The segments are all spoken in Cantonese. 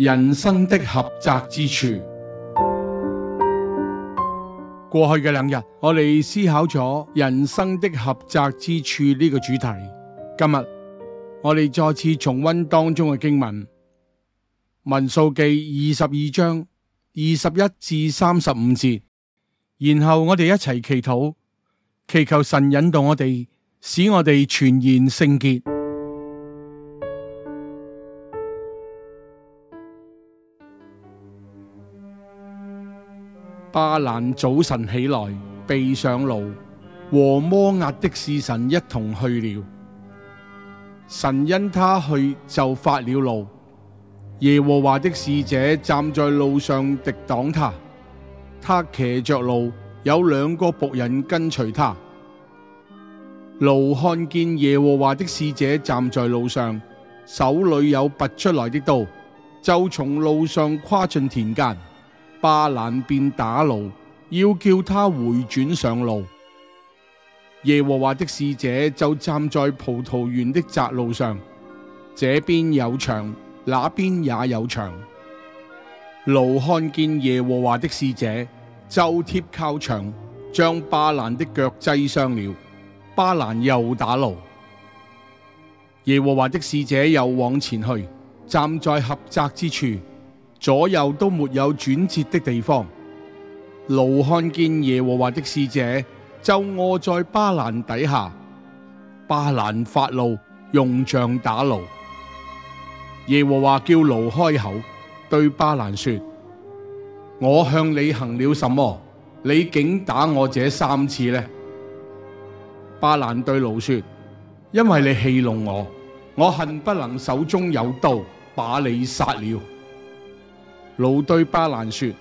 人生的狹窄之處。過去嘅兩日，我哋思考咗人生的狹窄之處呢個主題。今日我哋再次重溫當中嘅經文，民數記二十二章二十一至三十五節。然後我哋一齊祈禱，祈求神引導我哋，使我哋全然聖潔。巴蘭早晨起來，備上驢，和摩押的使臣一同去了。神因他去就發了怒。耶和華的使者站在路上敵擋他，他騎着驢，有兩個僕人跟隨他。驢看見耶和華的使者站在路上，手裏有拔出來的刀，就從路上跨進田間。巴蘭便打驢，要叫他回轉上路。耶和華的使者就站在葡萄園的窄路上，這邊有牆，那邊也有牆。驢看見耶和華的使者，就貼靠牆，將巴蘭的腳擠傷了。巴蘭又打驢。耶和華的使者又往前去，站在狹窄之處。左右都沒有轉折的地方，驢看見耶和華的使者，就臥在巴蘭底下。巴蘭發怒，用杖打驢。耶和華叫驢開口對巴蘭說：我向你行了什麼？你竟打我這三次呢？巴蘭對驢說：因為你戲弄我，我恨不能手中有刀，把你殺了。驢對巴蘭說：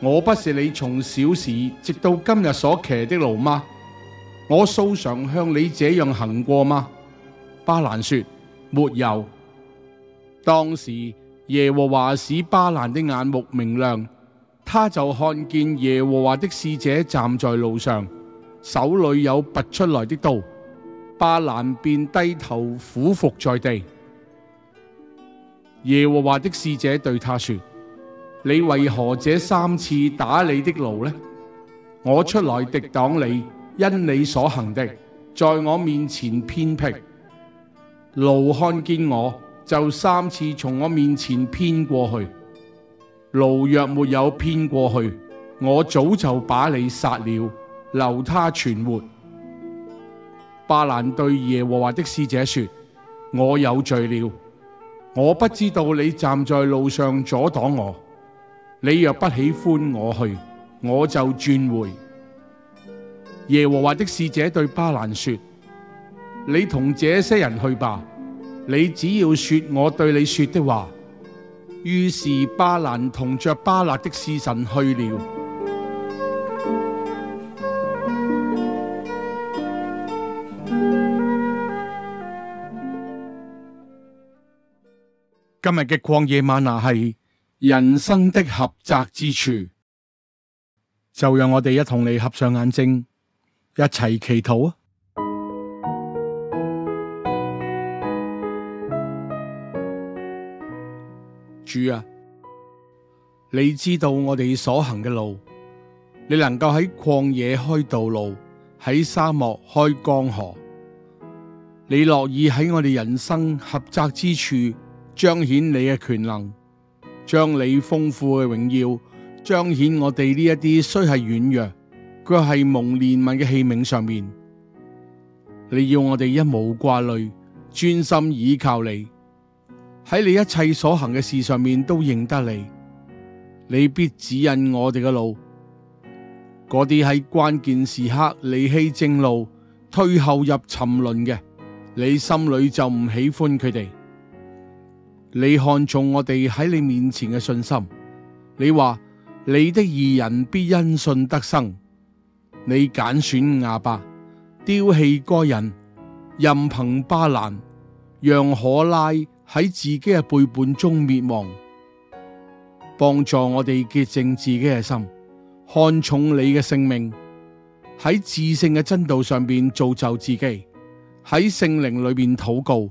我不是你從小時直到今日所騎的驢嗎？我素常向你這樣行過嗎？巴蘭說：沒有。當時耶和華使巴蘭的眼目明亮，他就看見耶和華的使者站在路上，手裏有拔出來的刀。巴蘭便低頭俯伏在地。耶和華的使者對他說。你為何這三次打你的驢呢？我出來敵擋你，因你所行的在我面前偏僻，驢看見我就三次從我面前偏過去。驢若沒有偏過去，我早就把你殺了，留他存活。巴蘭對耶和華的使者說：我有罪了，我不知道你站在路上阻擋我。你若不喜歡我去，我就轉回。耶和華的使者對巴蘭說：你同這些人去吧，你只要說我對你說的話。於是巴蘭同着巴勒的使臣去了。今日嘅曠野嗎哪係，人生的狹窄之處，就讓我哋一同嚟，合上眼睛，一齊祈禱啊！主啊，你知道我哋所行嘅路，你能夠喺曠野開道路，喺沙漠開江河，你樂意喺我哋人生狹窄之處彰顯你嘅權能。將你豐富嘅榮耀彰顯我哋呢一啲雖係軟弱，卻係蒙憐憫嘅器皿上面。你要我哋一無掛慮，專心倚靠你。喺你一切所行嘅事上面都認得你，你必指引我哋嘅路。嗰啲喺關鍵時刻離棄正路，退後入沉淪嘅，你心裏就唔喜歡佢哋。你看重我哋喺你面前嘅信心，你話你的義人必因信得生。你揀選亞伯，丟棄該隱，任憑巴蘭，讓可拉喺自己嘅背叛中滅亡。幫助我哋潔淨自己嘅心，看重你嘅性命，喺至聖嘅真道上邊造就自己，喺聖靈裏邊禱告。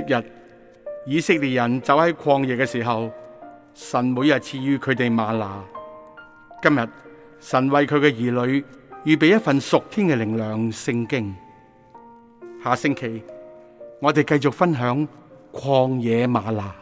昔日以色列人走喺曠野嘅時候，神每日賜予佢哋嗎哪。今日神為佢嘅兒女預備一份屬天嘅靈糧——聖經。下星期我哋繼續分享曠野嗎哪。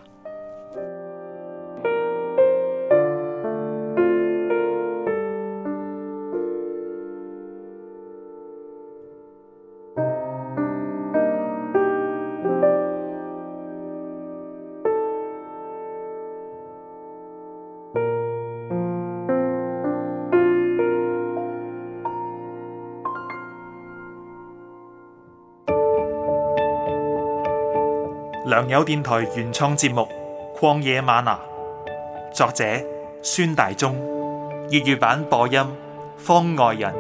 良友電台原創節目《曠野嗎哪》，作者孫大中，粵語版播音方外人，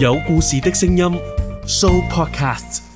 有故事的聲音，Show Podcast。